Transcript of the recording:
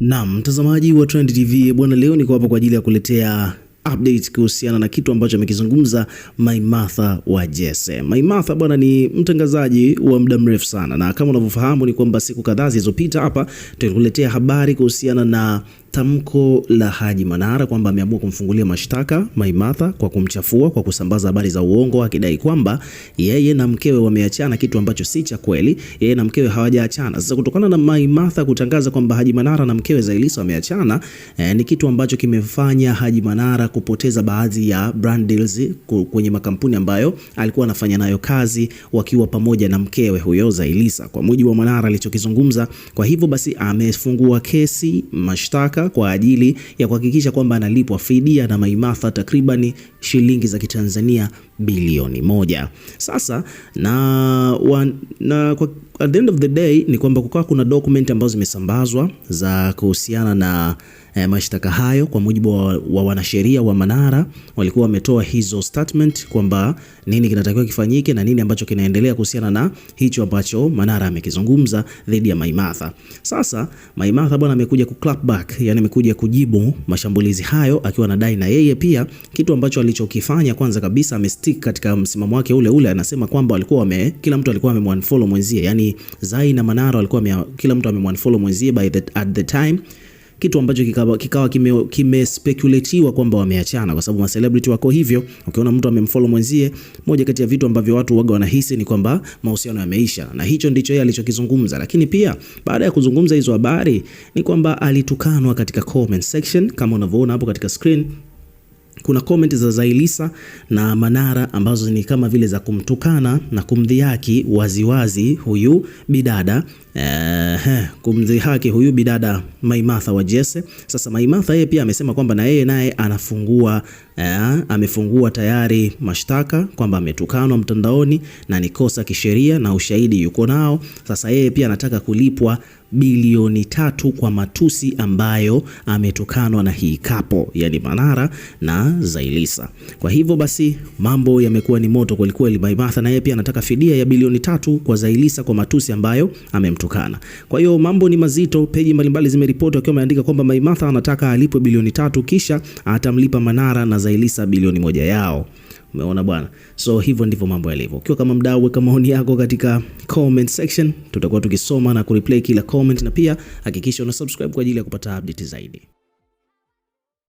Naam, mtazamaji wa Trend TV bwana, leo niko hapa kwa ajili ya kuletea update kuhusiana na kitu ambacho amekizungumza Maimartha wa Jesse. Maimartha bwana ni mtangazaji wa muda mrefu sana, na kama unavyofahamu ni kwamba siku kadhaa zilizopita hapa tulikuletea habari kuhusiana na tamko la Haji Manara kwamba ameamua kumfungulia mashtaka Maimatha kwa kumchafua kwa kusambaza habari za uongo, akidai kwamba yeye na mkewe wameachana, kitu ambacho si cha kweli. Yeye na mkewe hawajaachana. Sasa kutokana na Maimatha kutangaza kwamba Haji Manara na mkewe Zailisa wameachana, eh, ni kitu ambacho kimefanya Haji Manara kupoteza baadhi ya brand deals kwenye makampuni ambayo alikuwa anafanya nayo kazi wakiwa pamoja na mkewe huyo Zailisa, kwa mujibu wa Manara alichokizungumza. Kwa hivyo basi amefungua kesi mashtaka mwaka kwa ajili ya kuhakikisha kwamba analipwa fidia na maimatha takribani shilingi za Kitanzania bilioni moja. Sasa na, wa, na kwa, at the end of the day ni kwamba kukawa kuna document ambazo zimesambazwa za kuhusiana na eh, mashtaka hayo. Kwa mujibu wa, wa wanasheria wa Manara walikuwa wametoa hizo statement kwamba nini kinatakiwa kifanyike na nini ambacho kinaendelea kuhusiana na hicho ambacho Manara amekizungumza dhidi ya Maimatha. Sasa Maimatha bwana amekuja ku clap back, yani amekuja kujibu mashambulizi hayo akiwa anadai na yeye pia kitu ambacho alichokifanya kwanza kabisa amesti Basic katika msimamo wake ule ule anasema kwamba walikuwa wame kila mtu alikuwa amemwanfollow mwenzie, yani Zai na Manara walikuwa kila mtu amemwanfollow mwenzie by the, at the time kitu ambacho kikawa, kikawa kime, kime kwamba wameachana, kwa sababu ma celebrity wako hivyo. Ukiona mtu amemfollow mwenzie, moja kati ya vitu ambavyo watu waga wanahisi ni kwamba mahusiano yameisha, na hicho ndicho yeye alichokizungumza. Lakini pia baada ya kuzungumza hizo habari, ni kwamba alitukanwa katika comment section kama unavyoona hapo katika screen kuna comment za Zailisa na Manara ambazo ni kama vile za kumtukana na kumdhihaki waziwazi huyu bidada eh, kumdhihaki huyu bidada maimatha wa Jesse. Sasa maimatha yeye pia amesema kwamba na yeye naye anafungua eh, amefungua tayari mashtaka kwamba ametukanwa mtandaoni na ni kosa kisheria na ushahidi yuko nao. Sasa yeye pia anataka kulipwa bilioni tatu kwa matusi ambayo ametokanwa na hii kapo, yani Manara na Zailisa. Kwa hivyo basi mambo yamekuwa ni moto kwelikweli. Maimartha na yeye pia anataka fidia ya bilioni tatu kwa Zailisa kwa matusi ambayo amemtukana. Kwa hiyo mambo ni mazito, peji mbalimbali zimeripoti wakiwa wameandika kwamba Maimartha anataka alipwe bilioni tatu kisha atamlipa Manara na Zailisa bilioni moja yao. Umeona bwana, so hivyo ndivyo mambo yalivyo. Ukiwa kama mdau, weka maoni yako katika comment section, tutakuwa tukisoma na kureplay kila comment, na pia hakikisha una subscribe kwa ajili ya kupata update zaidi.